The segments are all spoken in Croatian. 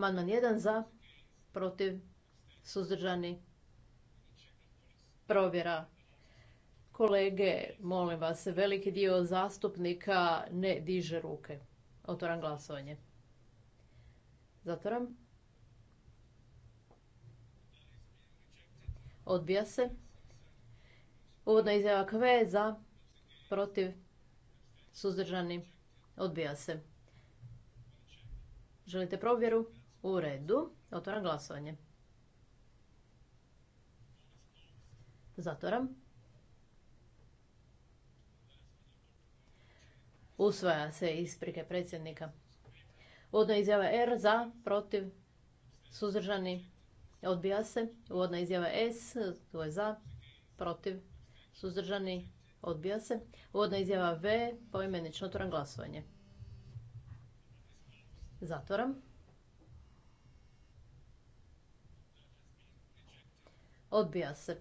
Amandman 1 za, protiv, suzdržani, provjera. Kolege, molim vas, veliki dio zastupnika ne diže ruke. Otvoram glasovanje. Zatvoram. Odbija se. Uvodna izjava KV za, protiv, suzdržani, odbija se. Želite provjeru? U redu. Otvaram glasovanje. Zatvaram. Usvaja se isprike predsjednika. Uvodna izjava R za, protiv, suzdržani, odbija se. Uvodna izjava S, to je za, protiv, suzdržani, odbija se. Uvodna izjava V, poimenično otvoram glasovanje. Zatvoram. Odbija se.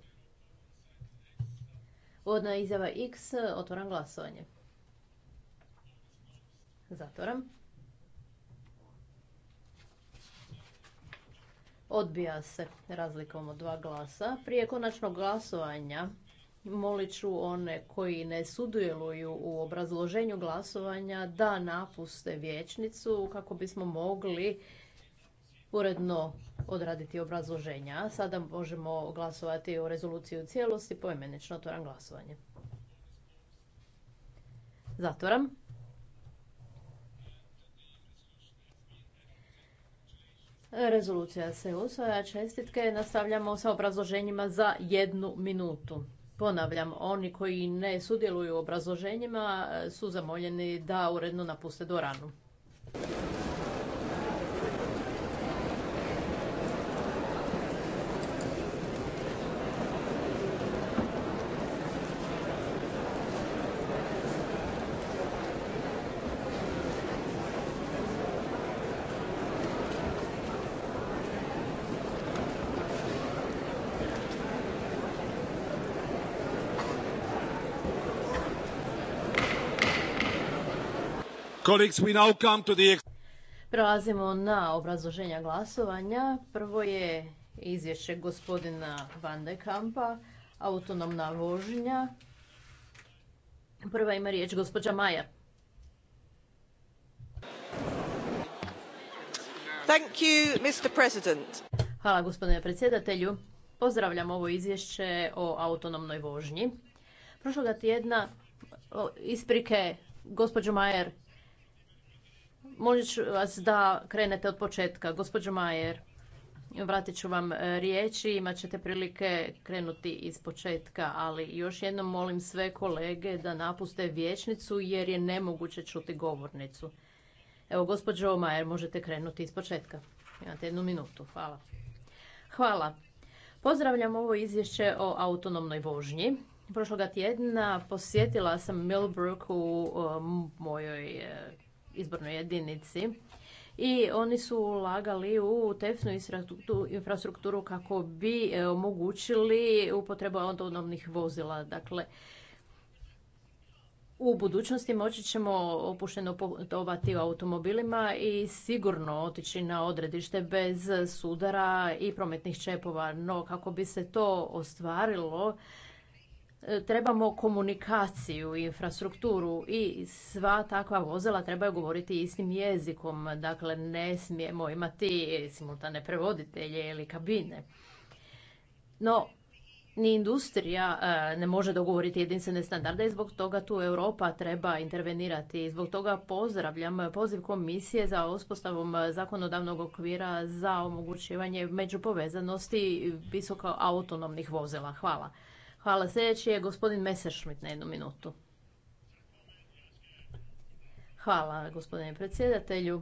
Uvodna izjava X. Otvoram glasovanje. Zatvoram. Odbija se razlikom od dva glasa. Prije konačnog glasovanja molit ću one koji ne sudjeluju u obrazloženju glasovanja da napuste vječnicu kako bismo mogli uredno odraditi obrazloženja. sada možemo glasovati o rezoluciji u cijelosti poimenično. otvoram glasovanje. Zatvaram. Rezolucija se usvaja. Čestitke. Nastavljamo sa obrazloženjima za jednu minutu. Ponavljam, oni koji ne sudjeluju u obrazloženjima su zamoljeni da uredno napuste ranu. Prelazimo na obrazloženja glasovanja. Prvo je izvješće gospodina Van de Kampa, autonomna vožnja. Prva ima riječ gospođa Maja. Hvala gospodine predsjedatelju. Pozdravljam ovo izvješće o autonomnoj vožnji. Prošloga tjedna isprike gospođu Majer Molim vas da krenete od početka. Gospođo Majer, vratit ću vam e, riječi, imat ćete prilike krenuti iz početka, ali još jednom molim sve kolege da napuste vječnicu jer je nemoguće čuti govornicu. Evo, gospođo Majer, možete krenuti iz početka. Imate jednu minutu. Hvala. Hvala. Pozdravljam ovo izvješće o autonomnoj vožnji. Prošloga tjedna posjetila sam Millbrook u e, mojoj e, izbornoj jedinici i oni su ulagali u tefnu infrastrukturu kako bi e, omogućili upotrebu autonomnih vozila. Dakle, u budućnosti moći ćemo opušteno putovati u automobilima i sigurno otići na odredište bez sudara i prometnih čepova. No, kako bi se to ostvarilo, E, trebamo komunikaciju, infrastrukturu i sva takva vozila trebaju govoriti istim jezikom. Dakle, ne smijemo imati simultane prevoditelje ili kabine. No, ni industrija e, ne može dogovoriti jedinstvene standarde i zbog toga tu Europa treba intervenirati. zbog toga pozdravljam poziv komisije za uspostavom zakonodavnog okvira za omogućivanje međupovezanosti visoko autonomnih vozila. Hvala. Hvala. Sljedeći je gospodin Messerschmidt na jednu minutu. Hvala gospodine predsjedatelju.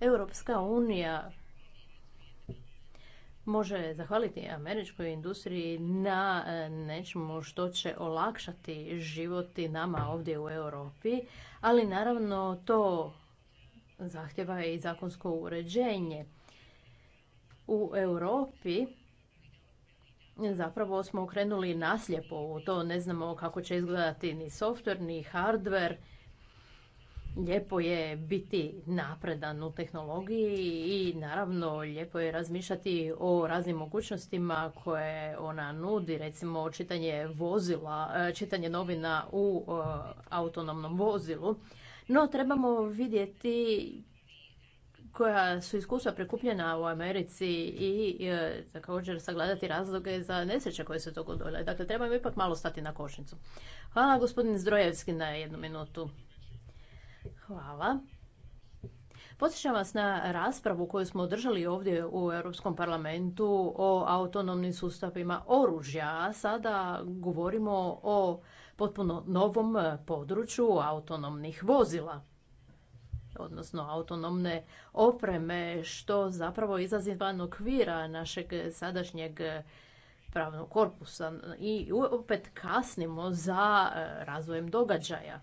Europska unija može zahvaliti američkoj industriji na eh, nečemu što će olakšati život nama ovdje u Europi, ali naravno to zahtjeva i zakonsko uređenje. U Europi zapravo smo okrenuli nasljepo u to, ne znamo kako će izgledati ni softver, ni hardware, Lijepo je biti napredan u tehnologiji i naravno lijepo je razmišljati o raznim mogućnostima koje ona nudi, recimo čitanje vozila, e, čitanje novina u e, autonomnom vozilu. No trebamo vidjeti koja su iskustva prekupljena u Americi i e, također sagledati razloge za nesreće koje se dogodile. Dakle, trebamo ipak malo stati na košnicu. Hvala gospodin Zdrojevski na jednu minutu. Hvala. Podsjećam vas na raspravu koju smo održali ovdje u Europskom parlamentu o autonomnim sustavima oružja, sada govorimo o potpuno novom području autonomnih vozila odnosno autonomne opreme, što zapravo van okvira našeg sadašnjeg pravnog korpusa i opet kasnimo za eh, razvojem događaja.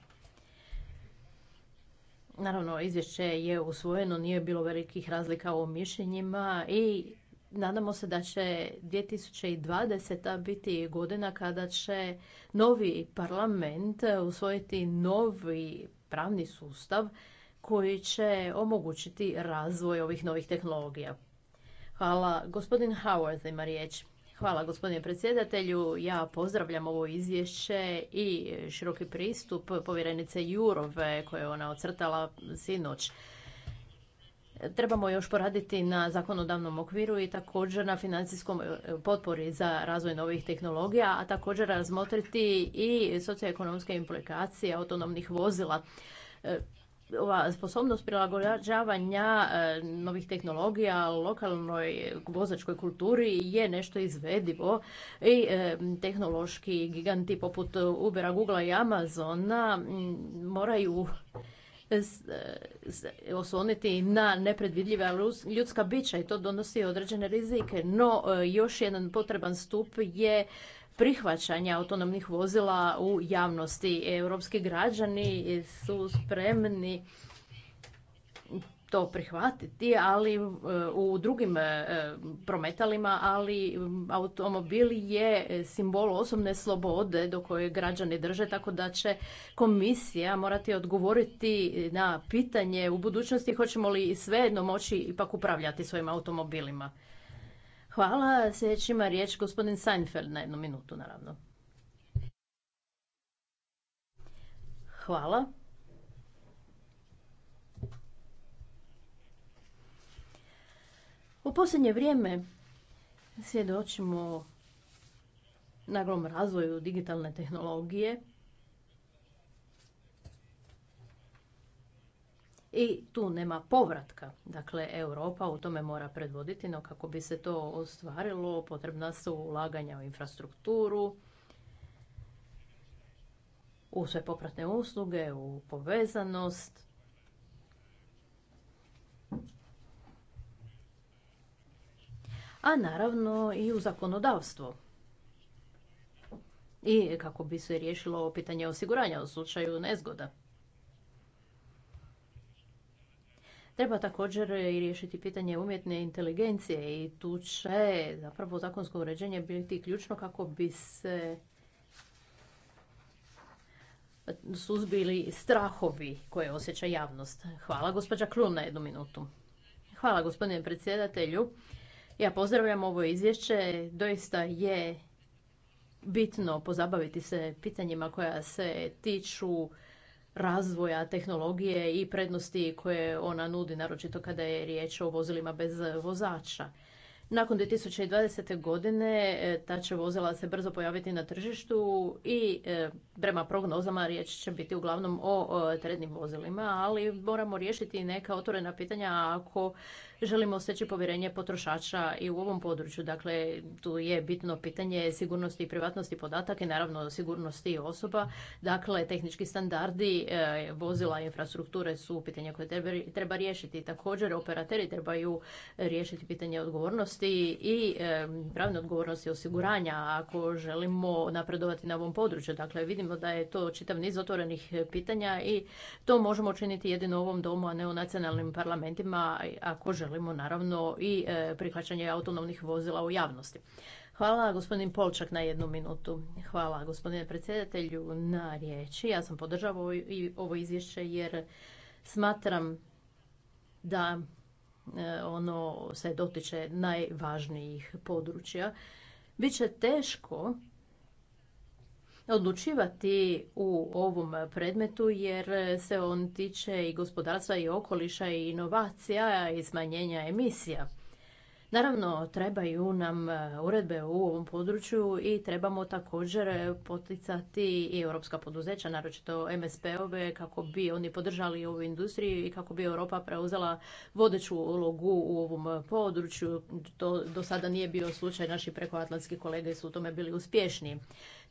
Naravno, izvješće je usvojeno, nije bilo velikih razlika u mišljenjima i nadamo se da će 2020. biti godina kada će novi parlament usvojiti novi pravni sustav koji će omogućiti razvoj ovih novih tehnologija. Hvala. Gospodin Howard ima riječ. Hvala gospodine predsjedatelju. Ja pozdravljam ovo izvješće i široki pristup povjerenice Jurove koje je ona ocrtala sinoć. Trebamo još poraditi na zakonodavnom okviru i također na financijskom e, potpori za razvoj novih tehnologija, a također razmotriti i socioekonomske implikacije autonomnih vozila e, ova sposobnost prilagođavanja e, novih tehnologija lokalnoj vozačkoj kulturi je nešto izvedivo i e, tehnološki giganti poput Ubera, Googlea i Amazona mm, moraju e, osloniti na nepredvidljiva ljudska bića i to donosi određene rizike. No, još jedan potreban stup je prihvaćanja autonomnih vozila u javnosti. Europski građani su spremni to prihvatiti, ali e, u drugim e, prometalima, ali automobil je simbol osobne slobode do koje građani drže, tako da će komisija morati odgovoriti na pitanje u budućnosti hoćemo li svejedno moći ipak upravljati svojim automobilima. Hvala. Sljedeći ima riječ gospodin Seinfeld na jednu minutu, naravno. Hvala. U posljednje vrijeme svjedočimo naglom razvoju digitalne tehnologije i tu nema povratka. Dakle, Europa u tome mora predvoditi, no kako bi se to ostvarilo, potrebna su ulaganja u infrastrukturu, u sve popratne usluge, u povezanost. A naravno i u zakonodavstvo. I kako bi se riješilo pitanje osiguranja u slučaju nezgoda. Treba također i riješiti pitanje umjetne inteligencije i tu će zapravo zakonsko uređenje biti ključno kako bi se suzbili strahovi koje osjeća javnost. Hvala gospođa Klun na jednu minutu. Hvala gospodine predsjedatelju. Ja pozdravljam ovo izvješće. Doista je bitno pozabaviti se pitanjima koja se tiču razvoja tehnologije i prednosti koje ona nudi, naročito kada je riječ o vozilima bez vozača. Nakon 2020. godine e, ta će vozila se brzo pojaviti na tržištu i e, prema prognozama riječ će biti uglavnom o trednim vozilima, ali moramo riješiti neka otvorena pitanja ako želimo steći povjerenje potrošača i u ovom području. Dakle, tu je bitno pitanje sigurnosti i privatnosti podataka i naravno sigurnosti osoba. Dakle, tehnički standardi e, vozila i infrastrukture su pitanja koje treba riješiti. Također, operateri trebaju riješiti pitanje odgovornosti odgovornosti i e, pravne odgovornosti osiguranja ako želimo napredovati na ovom području. Dakle, vidimo da je to čitav niz otvorenih pitanja i to možemo učiniti jedino u ovom domu, a ne u nacionalnim parlamentima, ako želimo naravno i e, prihvaćanje autonomnih vozila u javnosti. Hvala gospodin Polčak na jednu minutu. Hvala gospodine predsjedatelju na riječi. Ja sam podržao ovo izvješće jer smatram da E, ono se dotiče najvažnijih područja, bit će teško odlučivati u ovom predmetu jer se on tiče i gospodarstva i okoliša i inovacija i smanjenja emisija. Naravno, trebaju nam e, uredbe u ovom području i trebamo također e, poticati i europska poduzeća, naročito MSP-ove, kako bi oni podržali ovu industriju i kako bi Europa preuzela vodeću ulogu u ovom području. To do sada nije bio slučaj, naši prekoatlantski kolege su u tome bili uspješni.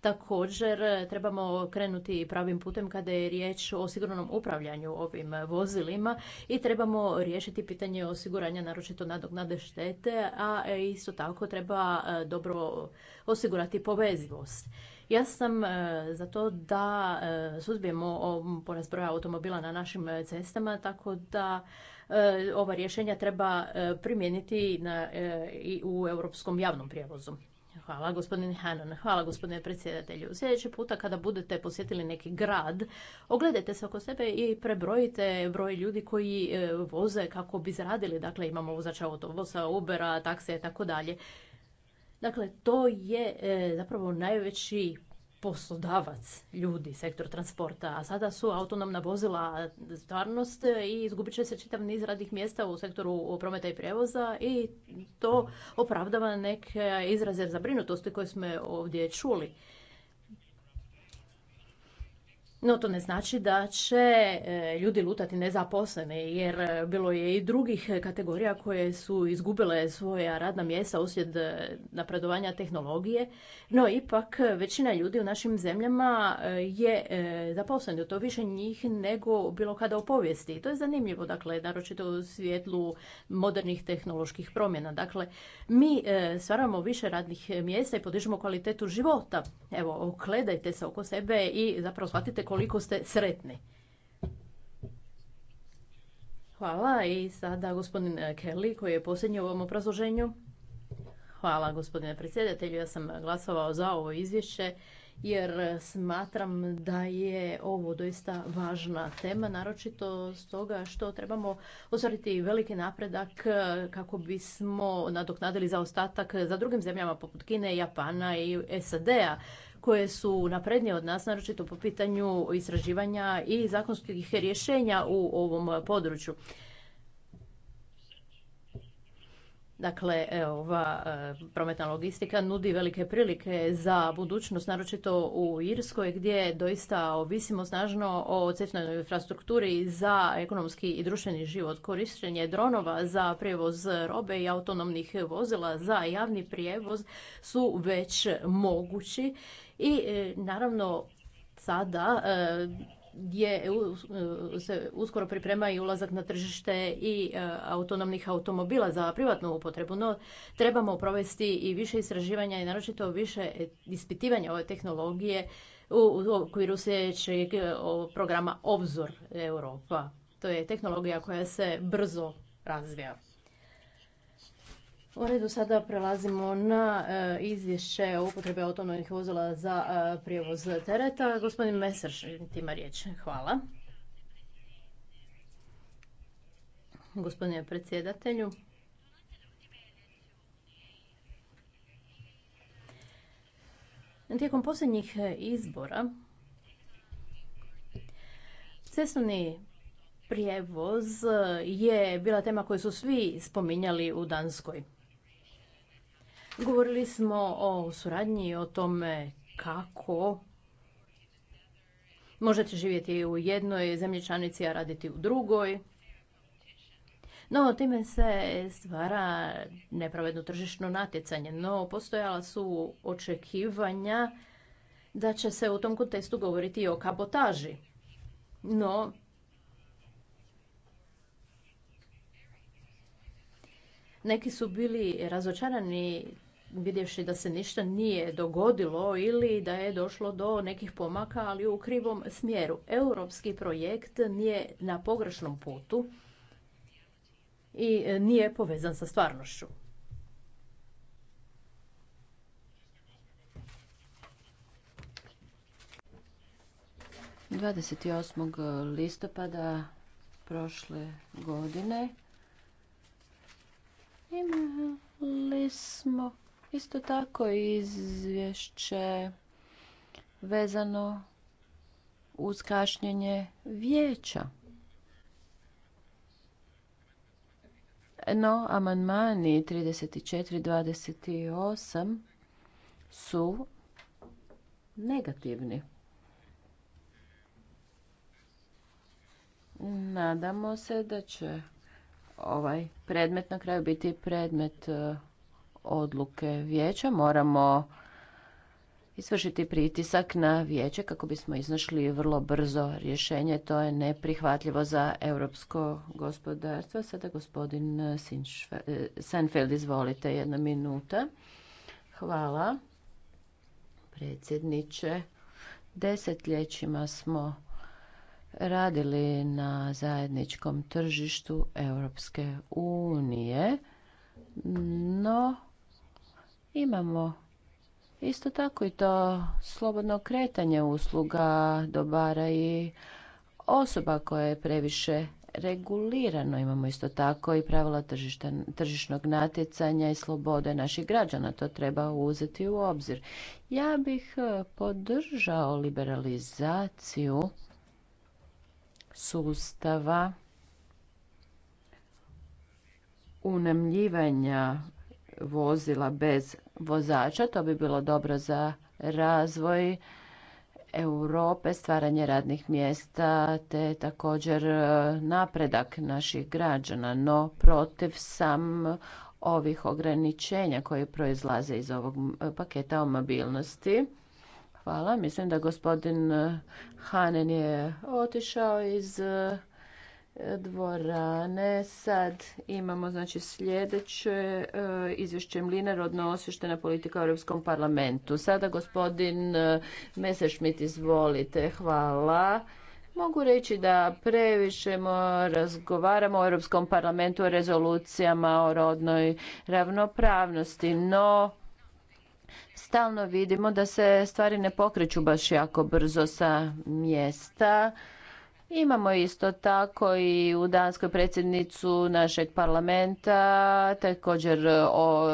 Također e, trebamo krenuti pravim putem kada je riječ o sigurnom upravljanju ovim vozilima i trebamo riješiti pitanje osiguranja naročito nadoknade štete, a isto tako treba e, dobro osigurati povezivost. Ja sam e, za to da suzbijemo porast broja automobila na našim cestama, tako da ova rješenja treba primijeniti i u europskom javnom prijevozu. Hvala gospodine Hanon, hvala gospodine predsjedatelju. Sljedeći puta kada budete posjetili neki grad, ogledajte se oko sebe i prebrojite broj ljudi koji e, voze kako bi zaradili. Dakle, imamo vozača autobusa, Ubera, takse i tako dalje. Dakle, to je e, zapravo najveći poslodavac ljudi, sektor transporta, a sada su autonomna vozila stvarnost i izgubit će se čitav niz radnih mjesta u sektoru prometa i prijevoza i to opravdava neke izraze zabrinutosti koje smo ovdje čuli. No to ne znači da će e, ljudi lutati nezaposlene jer e, bilo je i drugih kategorija koje su izgubile svoja radna mjesta uslijed e, napredovanja tehnologije. No ipak većina ljudi u našim zemljama je zaposlena. to više njih nego bilo kada u povijesti. To je zanimljivo, dakle, naročito u svijetlu modernih tehnoloških promjena. Dakle, mi stvaramo više radnih mjesta i podižemo kvalitetu života. Evo, okledajte se oko sebe i zapravo shvatite koliko ste sretni. Hvala i sada gospodin eh, Kelly koji je posljednji u ovom obrazloženju. Hvala gospodine predsjedatelju, ja sam glasovao za ovo izvješće jer smatram da je ovo doista važna tema, naročito stoga što trebamo ostvariti veliki napredak eh, kako bismo nadoknadili zaostatak za drugim zemljama poput Kine, Japana i SAD-a koje su naprednije od nas, naročito po pitanju istraživanja i zakonskih rješenja u ovom području. Dakle, ova e, prometna logistika nudi velike prilike za budućnost, naročito u Irskoj, gdje doista ovisimo snažno o cestnoj infrastrukturi za ekonomski i društveni život. Korištenje dronova za prijevoz robe i autonomnih vozila za javni prijevoz su već mogući i e, naravno sada e, gdje se uskoro priprema i ulazak na tržište i e, autonomnih automobila za privatnu upotrebu, no trebamo provesti i više istraživanja i naročito više ispitivanja ove tehnologije u okviru sljedećeg e, programa Obzor Europa. To je tehnologija koja se brzo razvija. U redu, sada prelazimo na e, izvješće o upotrebe autonomnih vozila za e, prijevoz tereta. Gospodin Mesar ima riječ. Hvala. Gospodine predsjedatelju. Tijekom posljednjih e, izbora cestovni prijevoz je bila tema koju su svi spominjali u Danskoj. Govorili smo o suradnji i o tome kako možete živjeti u jednoj zemlji a raditi u drugoj. No, time se stvara nepravedno tržišno natjecanje, no postojala su očekivanja da će se u tom kontekstu govoriti i o kabotaži. No, neki su bili razočarani vidjevši da se ništa nije dogodilo ili da je došlo do nekih pomaka, ali u krivom smjeru. Europski projekt nije na pogrešnom putu i nije povezan sa stvarnošću. Dvadeset osam listopada prošle godine imali smo Isto tako izvješće vezano uz kašnjenje vijeća. No, amandmani 34 28 su negativni. Nadamo se da će ovaj predmet na kraju biti predmet odluke vijeća moramo izvršiti pritisak na vijeće kako bismo iznašli vrlo brzo rješenje. To je neprihvatljivo za europsko gospodarstvo. Sada gospodin eh, Senfeld izvolite, jedna minuta. Hvala, predsjedniče. Desetljećima smo radili na zajedničkom tržištu Europske unije, no Imamo isto tako i to slobodno kretanje usluga, dobara i osoba koja je previše regulirano. Imamo isto tako i pravila tržišta, tržišnog natjecanja i slobode naših građana. To treba uzeti u obzir. Ja bih e, podržao liberalizaciju sustava unemljivanja vozila bez vozača. To bi bilo dobro za razvoj Europe, stvaranje radnih mjesta te također e, napredak naših građana, no protiv sam ovih ograničenja koje proizlaze iz ovog paketa o mobilnosti. Hvala. Mislim da gospodin e, Hanen je otišao iz e, dvorane. Sad imamo znači sljedeće e, izvješće Mlinar rodno osvještena politika u Europskom parlamentu. Sada gospodin e, Messerschmidt izvolite. Hvala. Mogu reći da previše razgovaramo u Europskom parlamentu o rezolucijama o rodnoj ravnopravnosti, no stalno vidimo da se stvari ne pokreću baš jako brzo sa mjesta. Imamo isto tako i u Danskoj predsjednicu našeg parlamenta, također e, o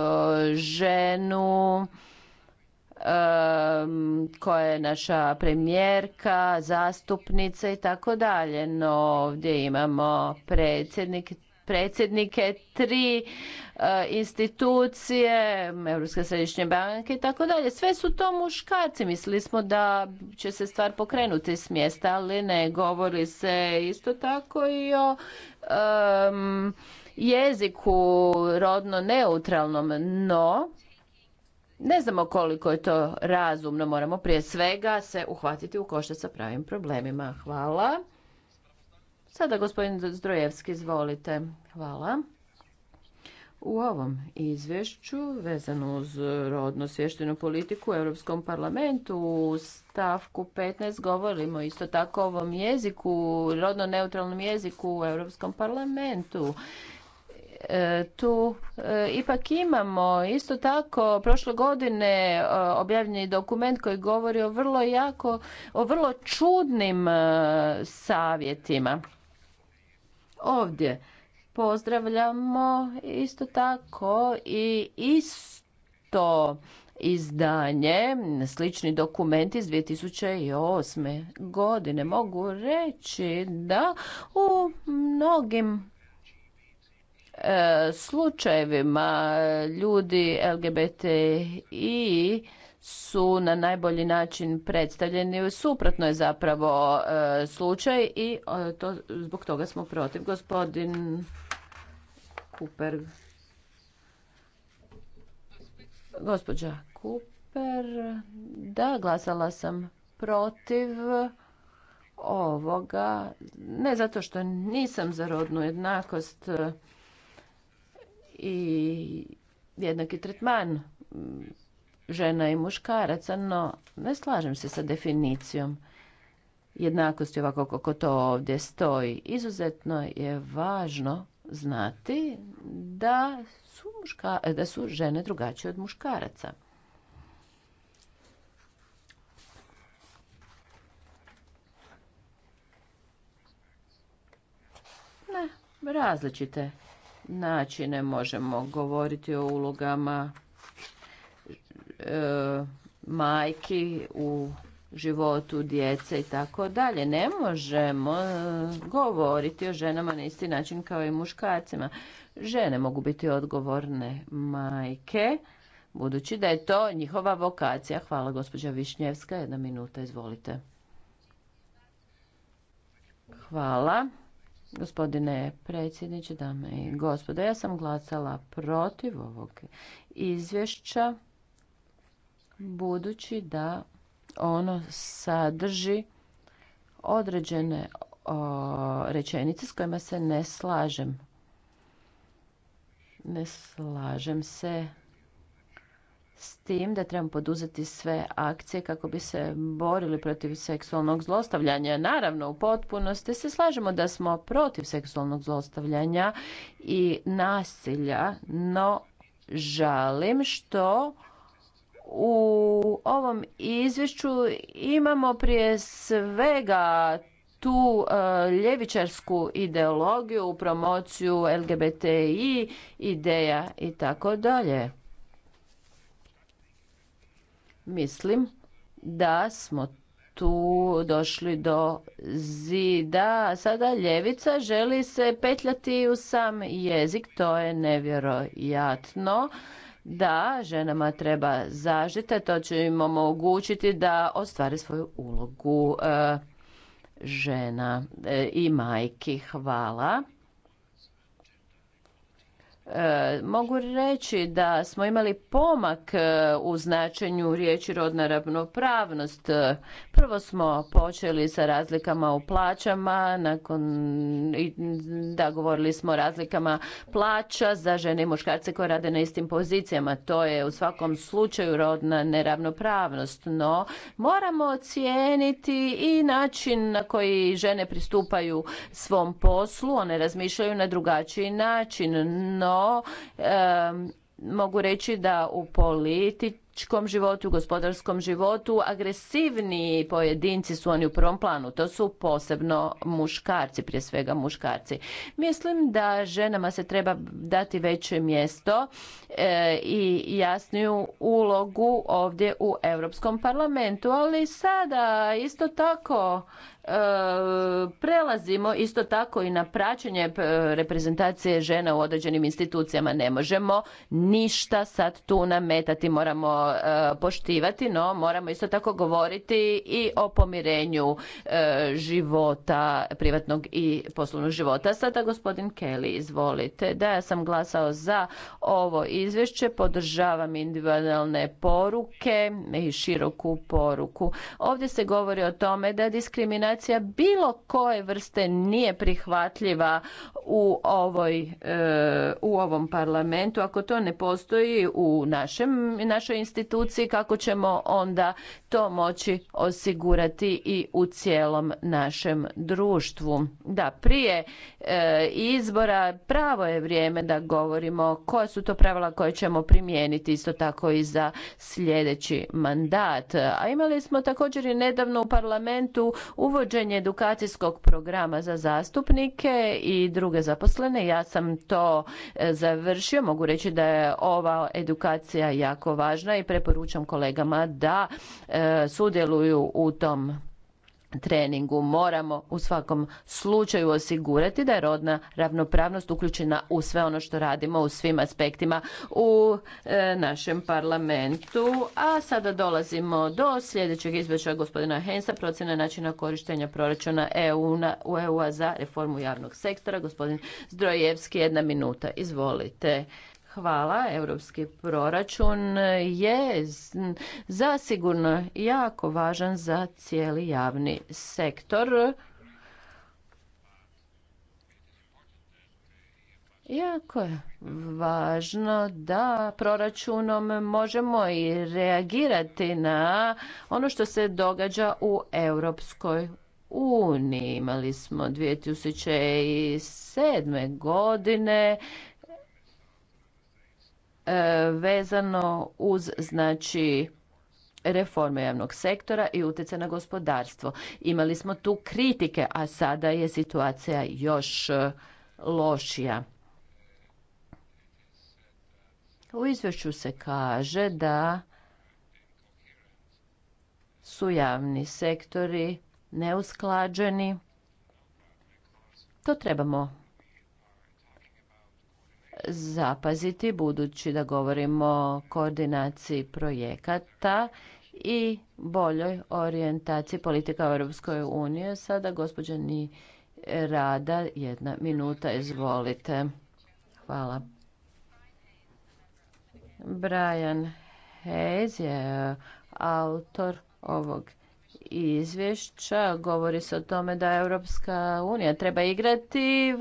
ženu koja je naša premijerka, zastupnica i tako dalje. No ovdje imamo predsjednik predsjednike tri e, institucije, Europske središnje banke i tako dalje. Sve su to muškarci. Mislili smo da će se stvar pokrenuti s mjesta, ali ne. Govori se isto tako i o jeziku rodno neutralnom, no ne znamo koliko je to razumno. Moramo prije svega se uhvatiti u košta sa pravim problemima. Hvala. Sada gospodin Zdrojevski, izvolite. Hvala. U ovom izvješću vezano uz rodno svještenu politiku u Europskom parlamentu u stavku 15 govorimo isto tako o ovom jeziku, rodno neutralnom jeziku u Europskom parlamentu. E, tu e, ipak imamo isto tako prošle godine e, objavljeni dokument koji govori o vrlo jako, o vrlo čudnim savjetima ovdje. Pozdravljamo isto tako i isto izdanje, slični dokument iz 2008. godine. Mogu reći da u mnogim e, slučajevima ljudi LGBTI su na najbolji način predstavljeni. Suprotno je zapravo e, slučaj i e, to, zbog toga smo protiv. Gospodin Kuper. Gospođa Kuper. Da, glasala sam protiv ovoga. Ne zato što nisam za rodnu jednakost i jednaki tretman žena i muškaraca, no ne slažem se sa definicijom jednakosti ovako kako to ovdje stoji. Izuzetno je važno znati da su, muška, da su žene drugačije od muškaraca. Na različite načine možemo govoriti o ulogama E, majki u životu djece i tako dalje. Ne možemo e, govoriti o ženama na isti način kao i muškarcima. Žene mogu biti odgovorne majke, budući da je to njihova vokacija. Hvala gospođa Višnjevska, jedna minuta, izvolite. Hvala. Gospodine predsjedniče, dame i gospodo, ja sam glasala protiv ovog izvješća budući da ono sadrži određene rečenice s kojima se ne slažem. Ne slažem se s tim da trebamo poduzeti sve akcije kako bi se borili protiv seksualnog zlostavljanja. Naravno, u potpunosti se slažemo da smo protiv seksualnog zlostavljanja i nasilja, no žalim što u ovom izvješću imamo prije svega tu e, ljevičarsku ideologiju, promociju LGBTI, ideja i tako dalje. Mislim da smo tu došli do zida. Sada ljevica želi se petljati u sam jezik, to je nevjerojatno. Da, ženama treba zaštita, to će im omogućiti da ostvare svoju ulogu e, žena e, i majki. Hvala. E, mogu reći da smo imali pomak e, u značenju riječi rodna ravnopravnost. E, prvo smo počeli sa razlikama u plaćama, nakon da govorili smo o razlikama plaća za žene i muškarce koje rade na istim pozicijama. To je u svakom slučaju rodna neravnopravnost, no moramo ocijeniti i način na koji žene pristupaju svom poslu, one razmišljaju na drugačiji način, no mogu reći da u političkom životu, u gospodarskom životu agresivni pojedinci su oni u prvom planu. To su posebno muškarci, prije svega muškarci. Mislim da ženama se treba dati veće mjesto e, i jasniju ulogu ovdje u Europskom parlamentu, ali sada isto tako E, prelazimo isto tako i na praćenje e, reprezentacije žena u određenim institucijama. Ne možemo ništa sad tu nametati, moramo e, poštivati, no moramo isto tako govoriti i o pomirenju života, privatnog i poslovnog života. Sada gospodin Kelly, izvolite. Da, ja sam glasao za ovo izvješće, podržavam individualne poruke i široku poruku. Ovdje se govori o tome da diskriminacija bilo koje vrste nije prihvatljiva u ovoj e, u ovom parlamentu ako to ne postoji u našem našoj instituciji kako ćemo onda to moći osigurati i u cijelom našem društvu da prije e, izbora pravo je vrijeme da govorimo koja su to pravila koje ćemo primijeniti isto tako i za sljedeći mandat a imali smo također i nedavno u parlamentu uvođenje uvođenje edukacijskog programa za zastupnike i druge zaposlene. Ja sam to e, završio. Mogu reći da je ova edukacija jako važna i preporučam kolegama da e, sudjeluju u tom treningu moramo u svakom slučaju osigurati da je rodna ravnopravnost uključena u sve ono što radimo u svim aspektima u e, našem parlamentu. A sada dolazimo do sljedećeg izvješća gospodina Hensa, procjena načina korištenja proračuna EU-a EU za reformu javnog sektora. Gospodin Zdrojevski, jedna minuta. Izvolite hvala. Europski proračun je zasigurno jako važan za cijeli javni sektor. Jako je važno da proračunom možemo i reagirati na ono što se događa u Europskoj uniji. Imali smo 2007. godine E, vezano uz znači reforme javnog sektora i utjecaj na gospodarstvo. Imali smo tu kritike, a sada je situacija još e, lošija. U izvješću se kaže da su javni sektori neusklađeni. To trebamo zapaziti budući da govorimo o koordinaciji projekata i boljoj orijentaciji politika u Europskoj unije. Sada gospođa Ni Rada, jedna minuta, izvolite. Hvala. Brian Hayes je autor ovog izvješća govori se o tome da Europska unija treba igrati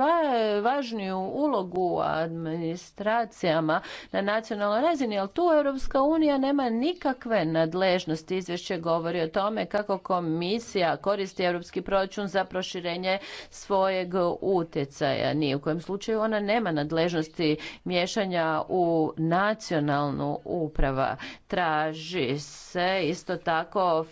važniju ulogu u administracijama na nacionalnoj razini, ali tu Europska unija nema nikakve nadležnosti. Izvješće govori o tome kako komisija koristi europski proračun za proširenje svojeg utjecaja. Nije u kojem slučaju ona nema nadležnosti miješanja u nacionalnu uprava. Traži se isto tako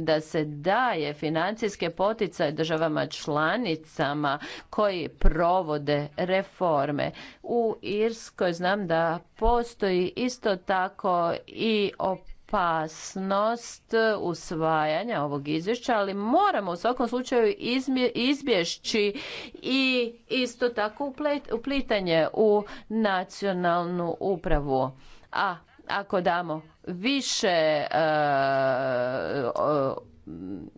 da se daje financijske poticaje državama članicama koji provode reforme. U Irskoj znam da postoji isto tako i opasnost usvajanja ovog izvješća, ali moramo u svakom slučaju izbješći i isto tako uplitanje u nacionalnu upravu. A ako damo više e,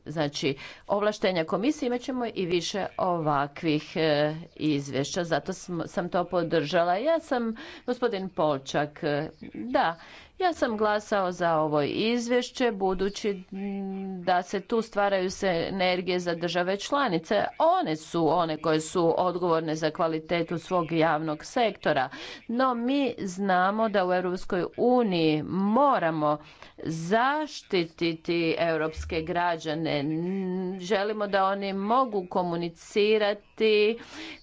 znači ovlaštenja komisije imat ćemo i više ovakvih e, izvješća. Zato sam to podržala. Ja sam gospodin Polčak. E, da, ja sam glasao za ovo izvješće budući mm, da se tu stvaraju se energije za države članice. One su one koje su odgovorne za kvalitetu svog javnog sektora. No mi znamo da u Europskoj uniji moramo zaštititi europske građane. Želimo da oni mogu komunicirati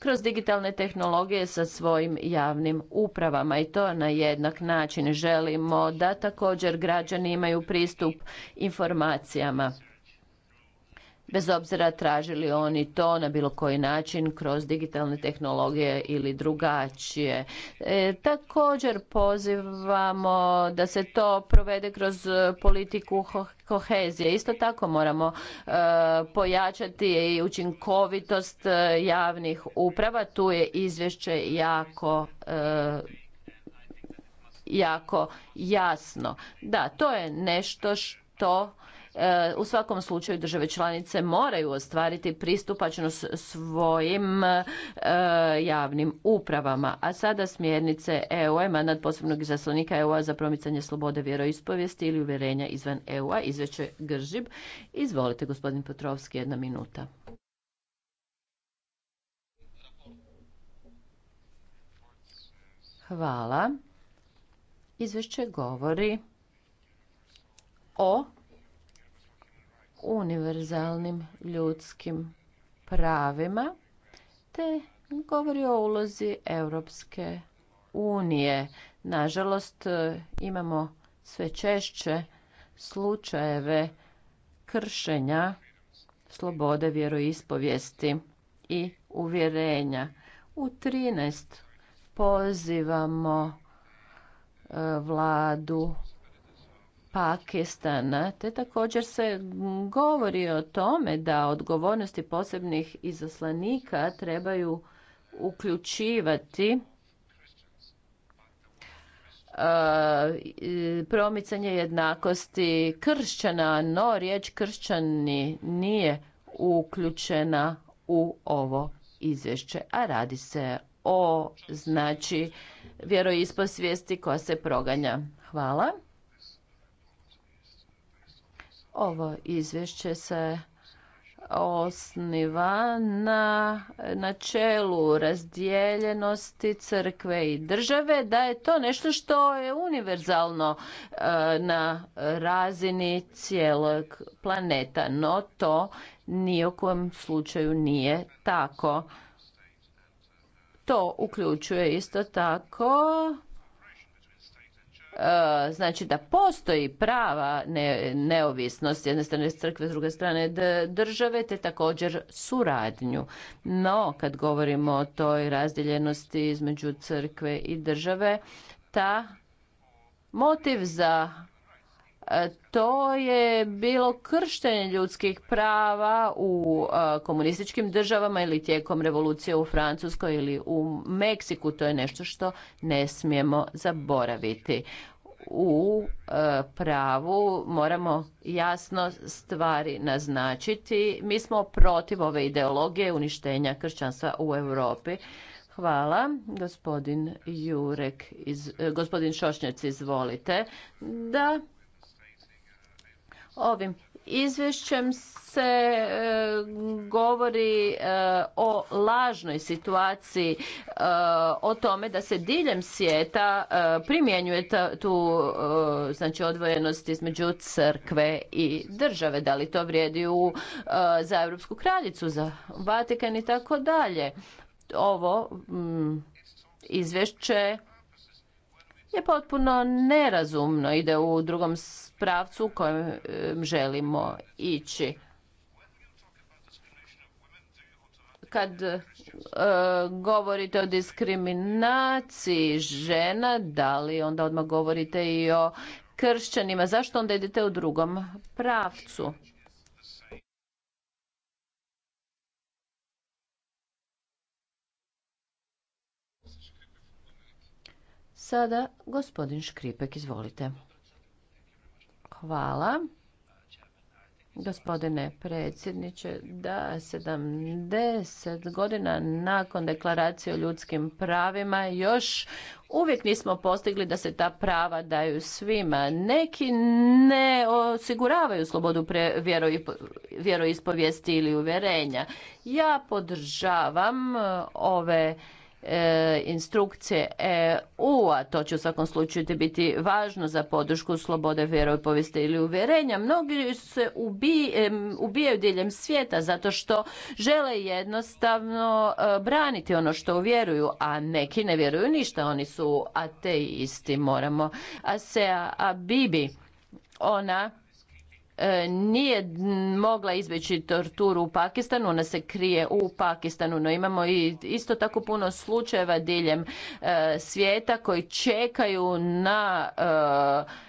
kroz digitalne tehnologije sa svojim javnim upravama i to na jednak način želimo da također građani imaju pristup informacijama bez obzira tražili oni to na bilo koji način kroz digitalne tehnologije ili drugačije. E, također pozivamo da se to provede kroz e, politiku kohezije. Isto tako moramo e, pojačati i učinkovitost javnih uprava. Tu je izvješće jako jako jasno. Da, to je nešto što u svakom slučaju države članice moraju ostvariti pristupačnost svojim e, javnim upravama. A sada smjernice EU-a, mandat posebnog izaslanika eu za promicanje slobode vjeroispovijesti ili uvjerenja izvan EU-a, izveće Gržib. Izvolite, gospodin Petrovski, jedna minuta. Hvala. Izvješće govori o univerzalnim ljudskim pravima te govori o ulozi Europske unije. Nažalost, imamo sve češće slučajeve kršenja slobode vjeroispovijesti i uvjerenja. U 13 pozivamo e, vladu Pakistana, te također se govori o tome da odgovornosti posebnih izaslanika trebaju uključivati promicanje jednakosti kršćana, no riječ kršćani nije uključena u ovo izvješće, a radi se o znači vjeroisposvijesti koja se proganja. Hvala. Ovo izvješće se osniva na načelu razdijeljenosti crkve i države, da je to nešto što je univerzalno e, na razini cijelog planeta, no to ni u kojem slučaju nije tako. To uključuje isto tako E, znači da postoji prava neovisnost s jedne strane crkve, s druge strane države, te također suradnju. No, kad govorimo o toj razdjeljenosti između crkve i države, ta motiv za E, to je bilo krštenje ljudskih prava u e, komunističkim državama ili tijekom revolucije u Francuskoj ili u Meksiku. To je nešto što ne smijemo zaboraviti. U e, pravu moramo jasno stvari naznačiti. Mi smo protiv ove ideologije uništenja kršćanstva u Europi. Hvala. Gospodin Jurek, gospodin Šošnjac, izvolite. Da, Ovim izvješćem se e, govori e, o lažnoj situaciji, e, o tome da se diljem svijeta primjenjuje tu znači odvojenost između crkve i države. Da li to vrijedi u, za Europsku kraljicu, za Vatikan i tako dalje. Ovo mm, izvješće je potpuno nerazumno, ide u drugom pravcu u kojem želimo ići. Kad e, govorite o diskriminaciji žena, da li onda odmah govorite i o kršćanima? Zašto onda idete u drugom pravcu? Sada gospodin Škripek, izvolite. Hvala. Gospodine predsjedniče, da 70 godina nakon deklaracije o ljudskim pravima još uvijek nismo postigli da se ta prava daju svima. Neki ne osiguravaju slobodu pre vjeroispovijesti ili uvjerenja. Ja podržavam uh, ove E, instrukcije EU-a, to će u svakom slučaju biti važno za podršku slobode vjeropovijesti ili uvjerenja. Mnogi se ubi, e, ubijaju diljem svijeta zato što žele jednostavno e, braniti ono što vjeruju, a neki ne vjeruju ništa, oni su ateisti, moramo. a bibi, ona E, nije mogla izbjeći torturu u Pakistanu, ona se krije u Pakistanu, no imamo i isto tako puno slučajeva diljem e, svijeta koji čekaju na e,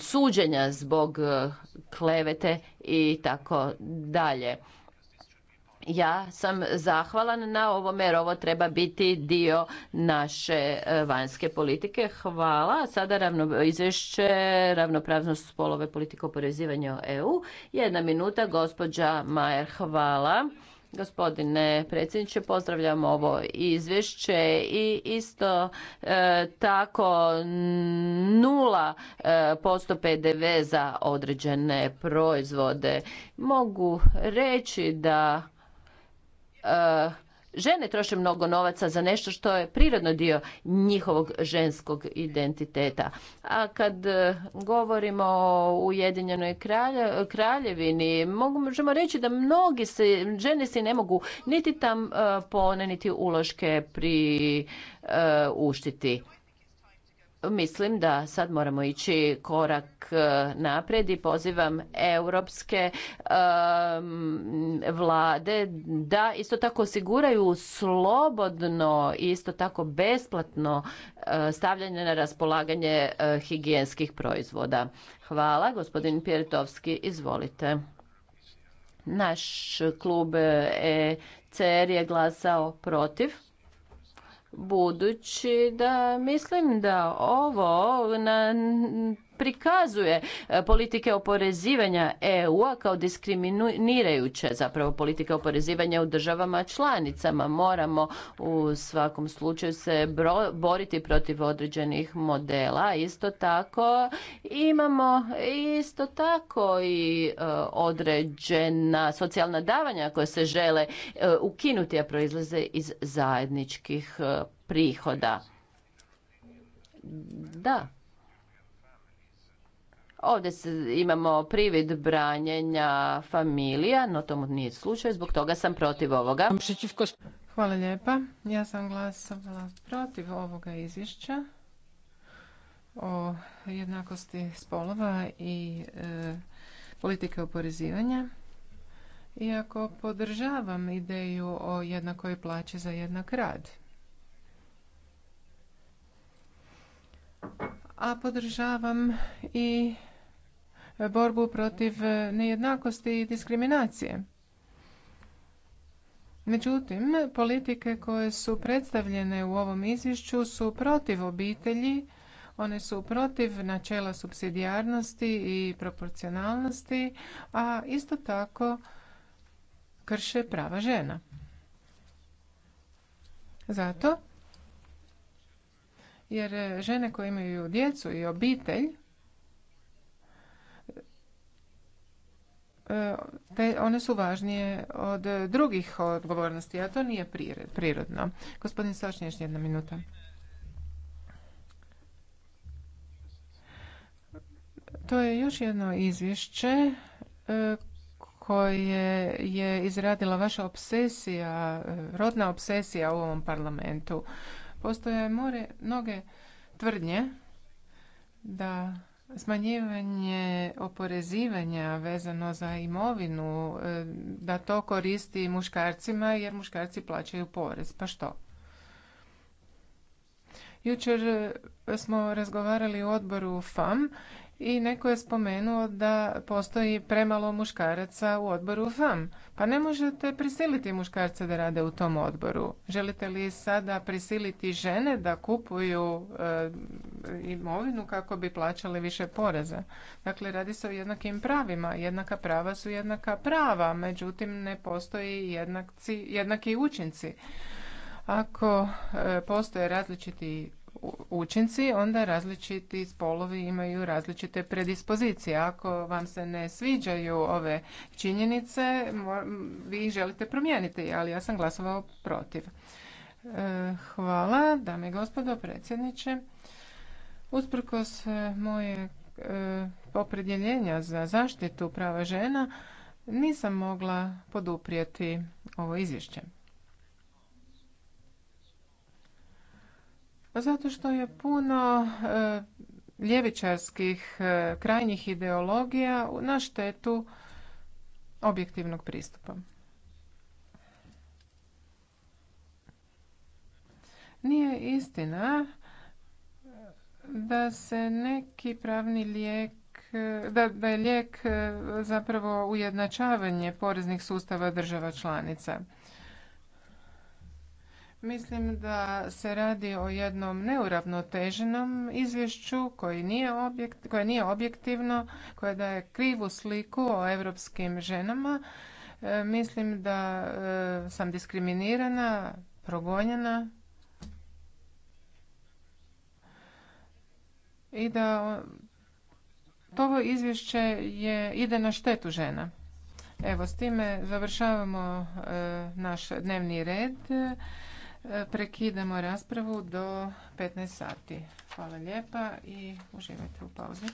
suđenja zbog klevete i tako dalje ja sam zahvalan na ovome jer ovo treba biti dio naše e, vanjske politike. Hvala. Sada ravno, izvješće ravnopravnost spolove politike oporezivanja EU. E Jedna minuta, gospođa Majer, hvala. Gospodine predsjedniče, pozdravljam ovo izvješće i isto e, tako nula e, PDV za određene proizvode. Mogu reći da Eh, žene troše mnogo novaca za nešto što je prirodno dio njihovog ženskog identiteta. A kad eh, govorimo o Ujedinjenoj kraljevini, možemo reći da mnogi se, žene si ne mogu niti tam eh, pone, niti uloške pri uštiti mislim da sad moramo ići korak e, naprijed i pozivam europske vlade da isto tako osiguraju slobodno i isto tako besplatno e, stavljanje na raspolaganje e, higijenskih proizvoda. Hvala, gospodin Pjeritovski, izvolite. Naš klub ECR je glasao protiv budući da mislim da ovo na prikazuje e, politike oporezivanja EU-a kao diskriminirajuće zapravo politike oporezivanja u državama članicama. Moramo u svakom slučaju se boriti protiv određenih modela. Isto tako imamo isto tako i e, određena socijalna davanja koja se žele e, ukinuti, a proizlaze iz zajedničkih prihoda. Da, Ovdje se, imamo privid branjenja familija, no tomu nije slučaj, zbog toga sam protiv ovoga. Hvala lijepa. Ja sam glasovala protiv ovoga izvješća o jednakosti spolova i e, politike oporezivanja. Iako podržavam ideju o jednakoj plaći za jednak rad. A podržavam i borbu protiv e, nejednakosti i diskriminacije. Međutim, politike koje su predstavljene u ovom izvješću su protiv obitelji, one su protiv načela supsidijarnosti i proporcionalnosti, a isto tako krše prava žena. Zato jer žene koje imaju djecu i obitelj one su važnije od drugih odgovornosti, a to nije prirodno. Gospodin sašnješ jedna minuta. To je još jedno izvješće e, koje je izradila vaša obsesija, e, rodna obsesija u ovom parlamentu. Postoje more, mnoge tvrdnje da smanjivanje oporezivanja vezano za imovinu, e, da to koristi muškarcima jer muškarci plaćaju porez. Pa što? Jučer e, smo razgovarali u odboru FAM i neko je spomenuo da postoji premalo muškaraca u odboru FAM. Pa ne možete prisiliti muškarce da rade u tom odboru. Želite li sada prisiliti žene da kupuju e, imovinu kako bi plaćale više poreza? Dakle, radi se o jednakim pravima. Jednaka prava su jednaka prava, međutim ne postoji jednaki učinci. Ako e, postoje različiti učinci, onda različiti spolovi imaju različite predispozicije. Ako vam se ne sviđaju ove činjenice, vi želite promijeniti, ali ja sam glasovao protiv. E, hvala, dame i gospodo, predsjedniče. Usprkos e, moje e, opredjeljenja za zaštitu prava žena, nisam mogla poduprijeti ovo izvješće. Pa zato što je puno e, ljevičarskih e, krajnjih ideologija na štetu objektivnog pristupa. Nije istina da se neki pravni lijek e, da, da je lijek zapravo ujednačavanje poreznih sustava država članica. Mislim da se radi o jednom neuravnoteženom izvješću koji nije objekt, koje nije objektivno, koje daje krivu sliku o europskim ženama. E, mislim da e, sam diskriminirana, progonjena i da ovo izvješće je, ide na štetu žena. Evo, s time završavamo e, naš dnevni red. Prekidamo raspravu do 15 sati. Hvala lijepa i uživajte u pauzi.